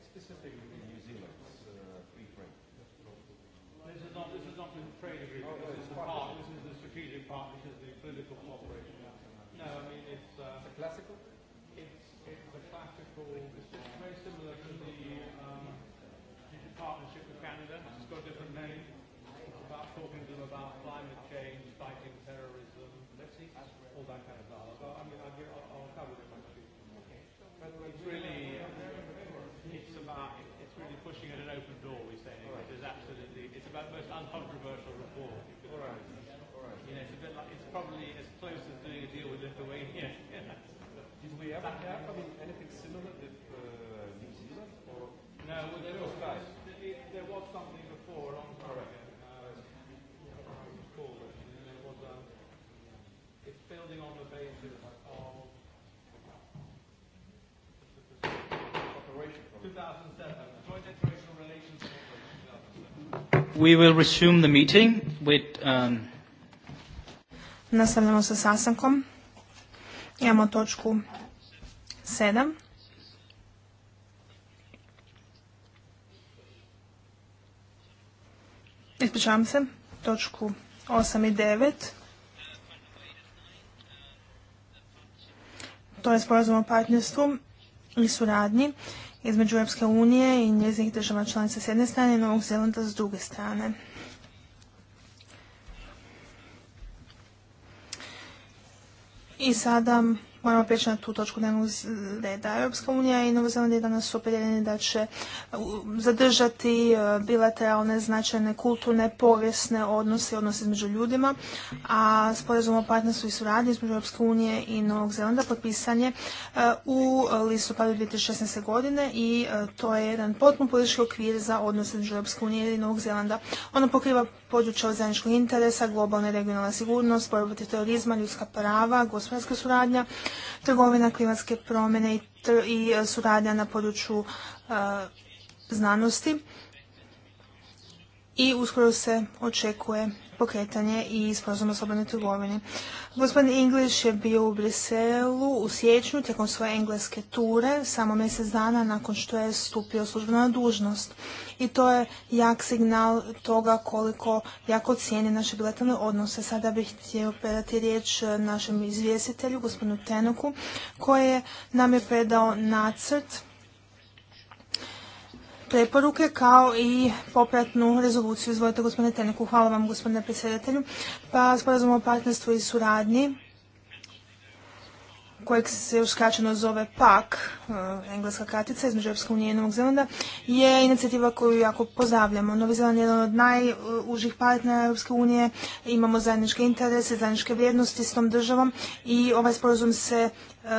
C: specifically New Zealand's uh, free trade. This is not, this is not the trade agreement. Oh, this, is part, part, this is the strategic part. This is the political cooperation. No, I mean, it's... Uh, a classical? It's, it's a classical... It's very similar to the um, partnership with Canada. It's got a different name. It's about talking to them about climate change, fighting terrorism, all that kind of about the most uncontroversial report. All right. All right. You know, it's a bit like, it's probably as close as doing a deal with Lithuania. Yeah. Yeah. Did we ever have I mean, anything similar with uh, New Zealand? Or no, well, there, was, there, there was something before, a long time ago. Uh, was, um, it's building on the basis
D: We will resume the meeting with... Um... Nastavljamo sa sasankom. Imamo točku 7. Ispričavam se, točku 8 i 9. To je sporozum o partnerstvu i suradnji između Europske unije i njezinih država članica s jedne strane i Novog Zelanda s druge strane. I sada moramo prijeći na tu točku dnevnog reda. Europska unija i Novo Zeland je danas su da će uh, zadržati uh, bilateralne značajne kulturne, povijesne odnose, i odnose između ljudima, a sporazum o partnerstvu i suradnji između Europske unije i Novog Zelanda potpisan je uh, u listopadu 2016. godine i to je jedan potpuno politički okvir za odnose između Europske unije i Novog Zelanda. Ono pokriva područje od zajedničkog interesa, globalna i regionalna sigurnost, borba protiv terorizma, ljudska prava, gospodarska suradnja, trgovina, klimatske promjene i, e, suradnja na području e, znanosti. I uskoro se očekuje pokretanje i sporazum o slobodnoj trgovini. Gospodin English je bio u Briselu u siječnju tijekom svoje engleske ture, samo mjesec dana nakon što je stupio službeno na dužnost. I to je jak signal toga koliko jako cijeni naše bilateralne odnose. Sada bih htio predati riječ e, našem izvjestitelju, gospodinu Tenoku, koji nam je predao nacrt preporuke kao i popratnu rezoluciju. Izvolite gospodine Teneku. Hvala vam gospodine predsjedatelju. Pa sporazum o partnerstvu i suradnji kojeg se još skraćeno zove PAK, eh, engleska kratica između Europske unije i Novog Zelanda, je inicijativa koju jako pozdravljamo. Novi Zeland je jedan od najužih partnera Europske unije, imamo zajedničke interese, zajedničke vrijednosti s tom državom i ovaj sporazum se eh,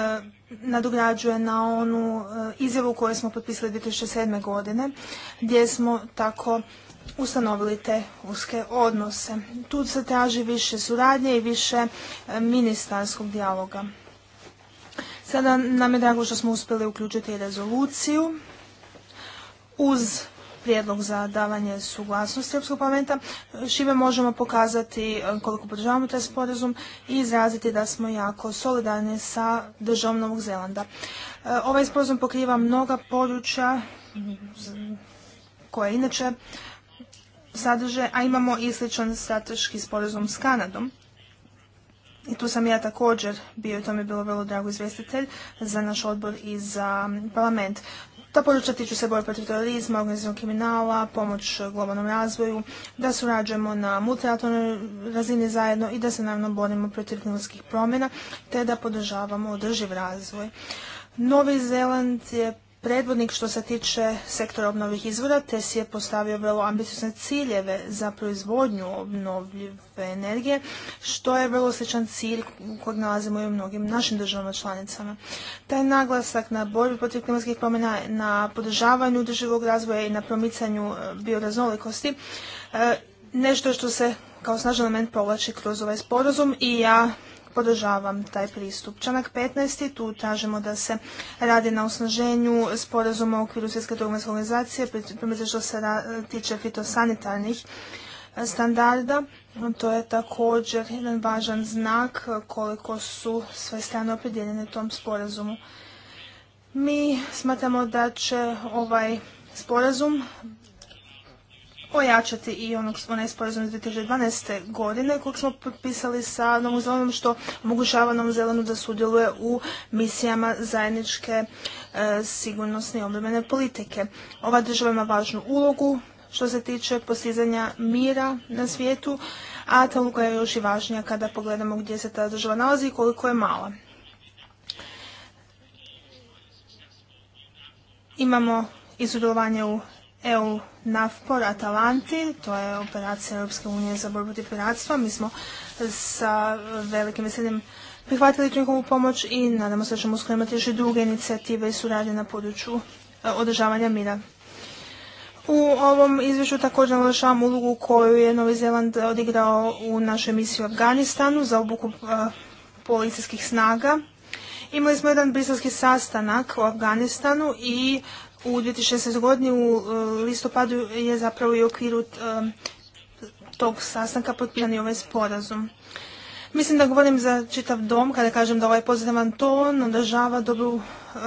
D: nadograđuje na onu e, izjavu koju smo potpisali 2007. godine, gdje smo tako ustanovili te uske odnose. Tu se traži više suradnje i više e, ministarskog dijaloga. Sada nam je drago što smo uspjeli uključiti rezoluciju uz prijedlog za davanje suglasnosti Europskog parlamenta, šime možemo pokazati e, koliko podržavamo taj sporazum i izraziti da smo jako solidarni sa državom Novog Zelanda. E, ovaj sporazum pokriva mnoga područja koje inače sadrže, a imamo i sličan strateški sporazum s Kanadom. I tu sam ja također bio i to mi je bilo vrlo drago izvjestitelj za naš odbor i za parlament. Ta područja tiču se borbe protiv terorizma, organiziranog kriminala, pomoć globalnom razvoju, da surađujemo na multilateralnoj razini zajedno i da se naravno borimo protiv klimatskih promjena, te da podržavamo održiv razvoj. Novi Zeland je predvodnik što se tiče sektora obnovljivih izvora, te si je postavio vrlo ambiciozne ciljeve za proizvodnju obnovljive energije, što je vrlo sličan cilj kojeg nalazimo i u mnogim našim državama članicama. Taj naglasak na borbi protiv klimatskih promjena, na podržavanju državog razvoja i na promicanju e, bioraznolikosti, e, nešto što se kao snažan element povlači kroz ovaj sporazum i ja podržavam taj pristup. Članak 15. tu tražimo da se radi na osnaženju sporazuma u okviru svjetske trgovinske organizacije, primjer što se tiče fitosanitarnih e, standarda. To je također jedan važan znak koliko su sve strane opredjeljene tom sporazumu. Mi smatramo da će ovaj sporazum ojačati i onog onaj sporazum iz 2012. godine kog smo potpisali sa Novom zelenom, što omogućava Novom zelenu da sudjeluje u misijama zajedničke e, sigurnosne i obrambene politike. Ova država ima važnu ulogu što se tiče postizanja mira na svijetu, a ta uloga je još i važnija kada pogledamo gdje se ta država nalazi i koliko je mala. Imamo i sudjelovanje u EU NAFPOR Atalanti, to je operacija Europske unije za borbu protiv piratstva. Mi smo sa velikim veseljem prihvatili tu njihovu pomoć i nadamo se da ćemo uskoro imati još i druge inicijative i suradnje na području e, održavanja mira. U ovom izvješću također naglašavam ulogu koju je Novi Zeland odigrao u našoj misiji u Afganistanu za obuku e, policijskih snaga. Imali smo jedan brislavski sastanak u Afganistanu i u 2016. godini u e, listopadu je zapravo i u okviru e, tog sastanka potpisan i ovaj sporazum. Mislim da govorim za čitav dom kada kažem da ovaj pozitivan ton održava dobru e,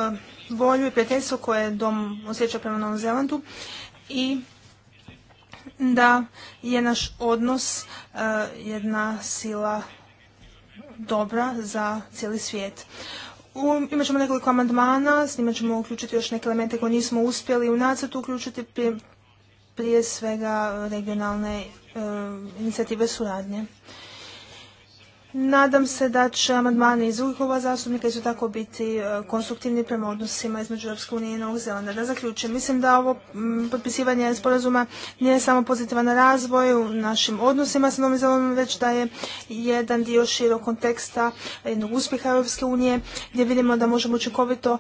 D: volju i prijateljstvo koje dom osjeća prema Novom Zelandu i da je naš odnos jedna sila dobra za cijeli svijet. Imat ćemo nekoliko amandmana, s njima ćemo uključiti još neke elemente koje nismo uspjeli u nacrtu uključiti prije, prije svega regionalne e, inicijative suradnje. Nadam se da će amandmani iz kluba zastupnika isto tako biti e, konstruktivni prema odnosima između Europske unije i Novog Zelanda. Da zaključim, mislim da ovo potpisivanje sporazuma nije samo pozitivan razvoj u našim odnosima sa Novim Zelandom, već da je jedan dio širog konteksta jednog uspjeha Europske unije gdje vidimo da možemo učinkovito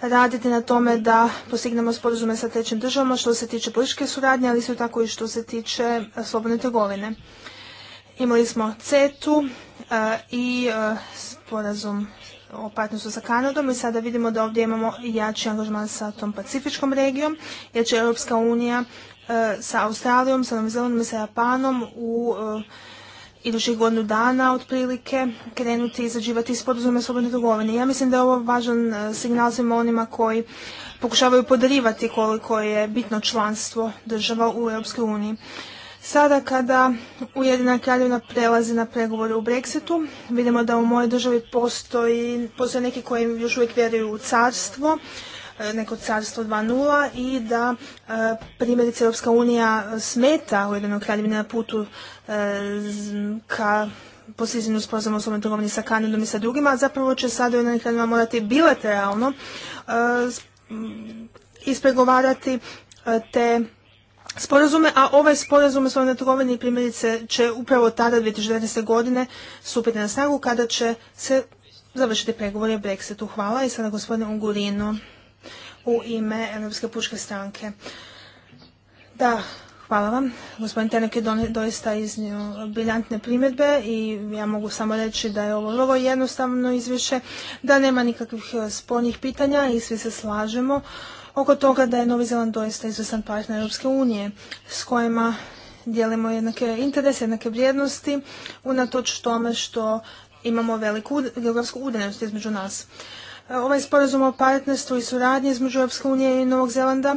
D: raditi na tome da postignemo sporazume sa trećim državama što se tiče političke suradnje, ali isto tako i što se tiče e, slobodne trgovine. Imali smo CETU, E, i e, sporazum o partnerstvu sa Kanadom i sada vidimo da ovdje imamo jači angažman sa tom pacifičkom regijom jer će Europska unija e, sa Australijom, sa Novim i sa Japanom u idućih godinu dana otprilike krenuti i izrađivati sporazume slobodne trgovine. Ja mislim da je ovo važan signal svima onima koji pokušavaju podarivati koliko je bitno članstvo država u Europskoj uniji. Sada kada Ujedina kraljevina prelazi na pregovore u Brexitu, vidimo da u mojoj državi postoji, postoje neki koji još uvijek vjeruju u carstvo, e, neko carstvo 2.0 i da e, primjerice Europska unija smeta Ujedinoj kraljevini na putu e, ka posljednju sporazumu osobnoj trgovini sa Kanadom i sa drugima, a zapravo će sada Ujedinoj kraljevina morati bilateralno ispregovarati te sporazume, a ovaj sporazum o slobodnoj trgovini primjerice će upravo tada 2019. godine stupiti na snagu kada će se završiti pregovori o Brexitu. Hvala i sada gospodine Ungurino u ime Europske pučke stranke. Da, Hvala vam. Gospodin Tenek je doista iznio briljantne primjedbe i ja mogu samo reći da je ovo vrlo jednostavno izvješće, da nema nikakvih spornih pitanja i svi se slažemo oko toga da je Novi Zeland doista izvrstan partner Europske unije s kojima dijelimo jednake interese, jednake vrijednosti, unatoč tome što imamo veliku geografsku udaljenost između nas. E, ovaj sporazum o partnerstvu i suradnji između Europske unije i Novog Zelanda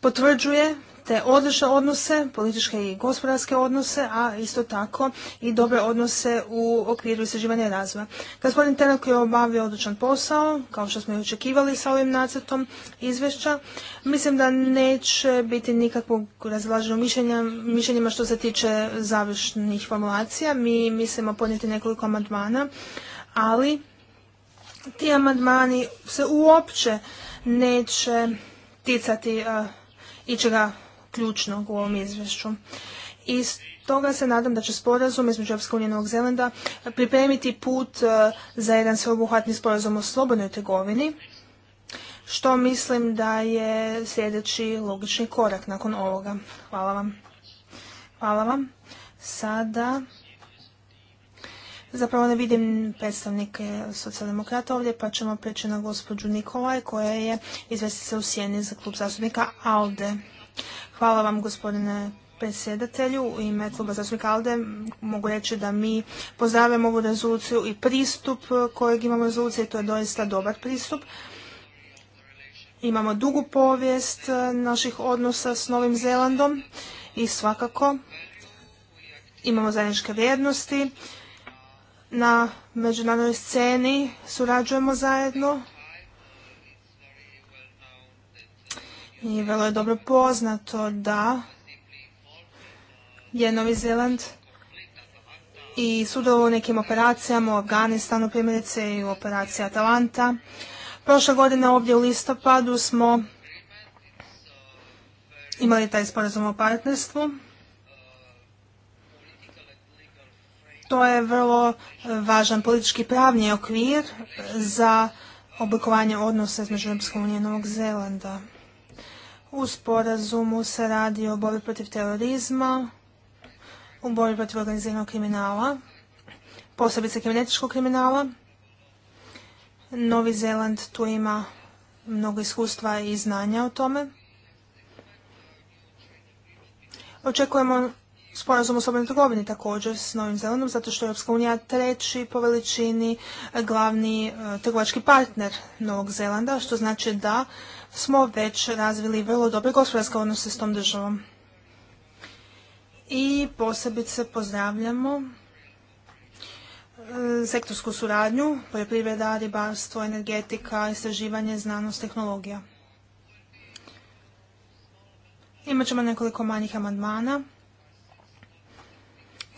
D: potvrđuje te odlične odnose, političke i gospodarske odnose, a isto tako i dobre odnose u okviru istraživanja i razvoja. Gospodin Tenak je obavio odličan posao, kao što smo i očekivali sa ovim nacrtom izvješća. Mislim da neće biti nikakvog razlaženog mišljenja, mišljenjima što se tiče završnih formulacija. Mi mislimo podnijeti nekoliko amandmana, ali ti amandmani se uopće neće ticati ičega ključnog u ovom izvješću. I stoga se nadam da će sporazum između Europske unije i Novog Zelanda pripremiti put e, za jedan sveobuhvatni sporazum o slobodnoj trgovini, što mislim da je sljedeći logični korak nakon ovoga. Hvala vam. Hvala vam. Sada Zapravo ne vidim predstavnike socijaldemokrata ovdje, pa ćemo preći na gospođu Nikolaj koja je izvestica u sjeni za klub zastupnika ALDE. Hvala vam gospodine predsjedatelju. U ime kluba zastupnika Alde mogu reći da mi pozdravljamo ovu rezoluciju i pristup kojeg imamo rezolucije. To je doista dobar pristup. Imamo dugu povijest naših odnosa s Novim Zelandom i svakako imamo zajedničke vrijednosti. Na međunarodnoj sceni surađujemo zajedno I vrlo je dobro poznato da je Novi Zeland i sudovo u nekim operacijama u Afganistanu primjerice i u operaciji Atalanta. Prošle godine ovdje u listopadu smo imali taj sporazum o partnerstvu. To je vrlo važan politički pravni okvir za oblikovanje odnosa između Europske unije i Novog Zelanda. U sporazumu se radi o borbi protiv terorizma, u borbi protiv organiziranog kriminala, posebice kibernetičkog kriminala. Novi Zeland tu ima mnogo iskustva i znanja o tome. Očekujemo sporazum o slobodnoj trgovini također s Novim Zelandom, zato što je Europska unija treći po veličini glavni eh, trgovački partner Novog Zelanda, što znači da smo već razvili vrlo dobre gospodarske odnose s tom državom. I posebice pozdravljamo e, sektorsku suradnju, poljoprivreda, ribarstvo, energetika, istraživanje, znanost, tehnologija. Imat ćemo nekoliko manjih amandmana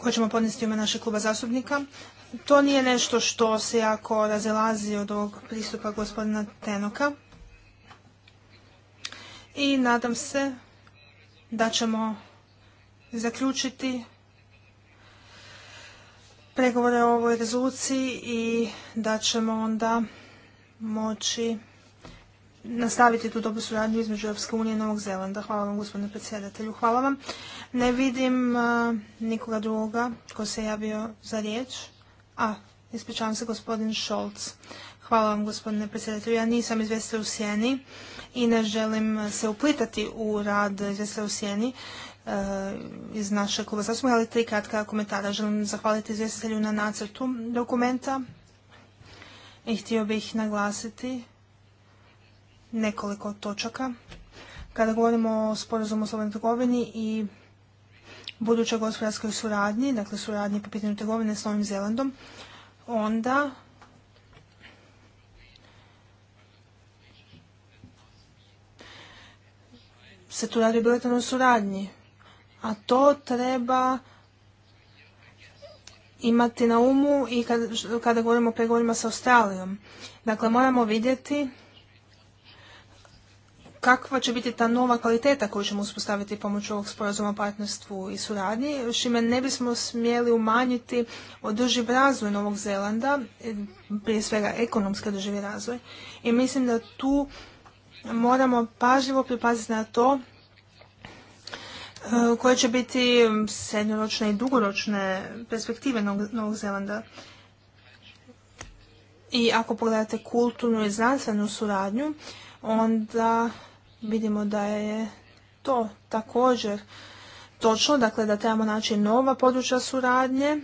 D: koje ćemo podnesti u ime našeg kluba zastupnika. To nije nešto što se jako razilazi od ovog pristupa gospodina Tenoka i nadam se da ćemo zaključiti pregovore o ovoj rezoluciji i da ćemo onda moći nastaviti tu dobru suradnju između Europske unije i Novog Zelanda. Hvala vam gospodine predsjedatelju. Hvala vam. Ne vidim uh, nikoga drugoga ko se javio za riječ. A, ispričavam se gospodin Šolc. Hvala vam gospodine predsjedatelju. Ja nisam izvjestitelj u Sjeni i ne želim se uplitati u rad izvjestitelja u Sjeni e, iz naše kluba zastupnika, ali tri kratka komentara. Želim zahvaliti izvjestitelju na nacrtu dokumenta i htio bih naglasiti nekoliko točaka. Kada govorimo o sporazumu o slobodnoj trgovini i budućoj gospodarskoj suradnji, dakle suradnji po pitanju trgovine s Novim Zelandom, onda se tu radi o bilateralnoj suradnji. A to treba imati na umu i kada, govorimo o pregovorima sa Australijom. Dakle, moramo vidjeti kakva će biti ta nova kvaliteta koju ćemo uspostaviti pomoću ovog sporazuma o partnerstvu i suradnji, šime ne bismo smjeli umanjiti održiv razvoj Novog Zelanda, prije svega ekonomski održivi razvoj. I mislim da tu moramo pažljivo pripaziti na to e, koje će biti srednjoročne i dugoročne perspektive Novog Zelanda. I ako pogledate kulturnu i znanstvenu suradnju, onda vidimo da je to također točno, dakle da trebamo naći nova područja suradnje, e,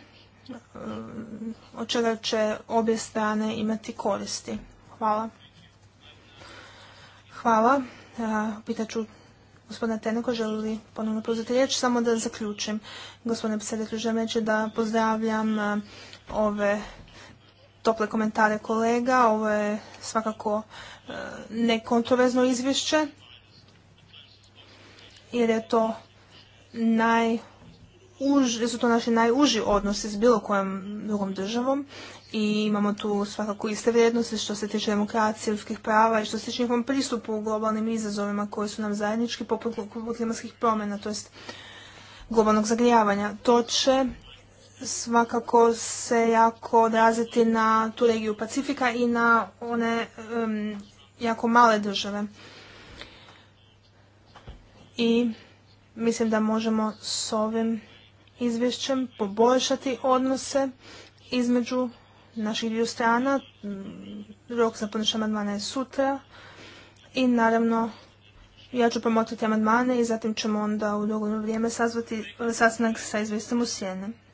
D: od čega će obje strane imati koristi. Hvala. Hvala. Pitaću gospodina Teneko, želi li ponovno preuzeti riječ? Samo da zaključim. Gospodine predsjedatelju, želim reći da pozdravljam ove tople komentare kolega. Ovo je svakako nekontrovezno izvješće jer je to naj, su to naši najuži odnosi s bilo kojom drugom državom i imamo tu svakako iste vrijednosti što se tiče demokracije, ljudskih prava i što se tiče njihovom pristupu u globalnim izazovima koji su nam zajednički poput, klimatskih promjena, to jest globalnog zagrijavanja. To će svakako se jako odraziti na tu regiju Pacifika i na one jako male države. I mislim da možemo s ovim izvješćem poboljšati odnose između naših dviju strana. Mm, rok za podnošenje amandmana je sutra i naravno ja ću promotiti amandmane i zatim ćemo onda u dogodno vrijeme sazvati sastanak sa izvestom u,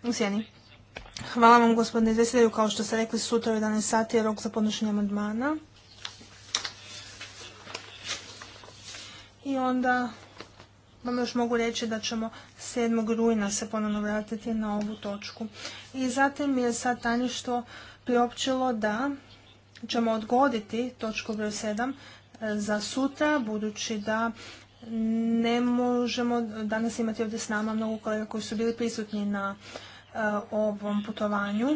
D: u sjeni. Hvala vam gospodine izvjestitelju, kao što ste rekli sutra u 11 sati je rok za podnošenje amandmana. I onda vam još mogu reći da ćemo 7. rujna se ponovno vratiti na ovu točku. I zatim je sad tajništvo priopćilo da ćemo odgoditi točku broj 7 e, za sutra, budući da ne možemo danas imati ovdje s nama mnogo kolega koji su bili prisutni na e, ovom putovanju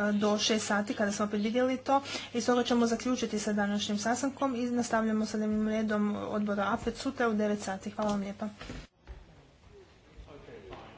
D: E, do 6 sati kada smo opet vidjeli to. I stoga ćemo zaključiti sa današnjim sastankom i nastavljamo sa dnevnim redom odbora APET sutra u 9 sati. Hvala vam lijepa.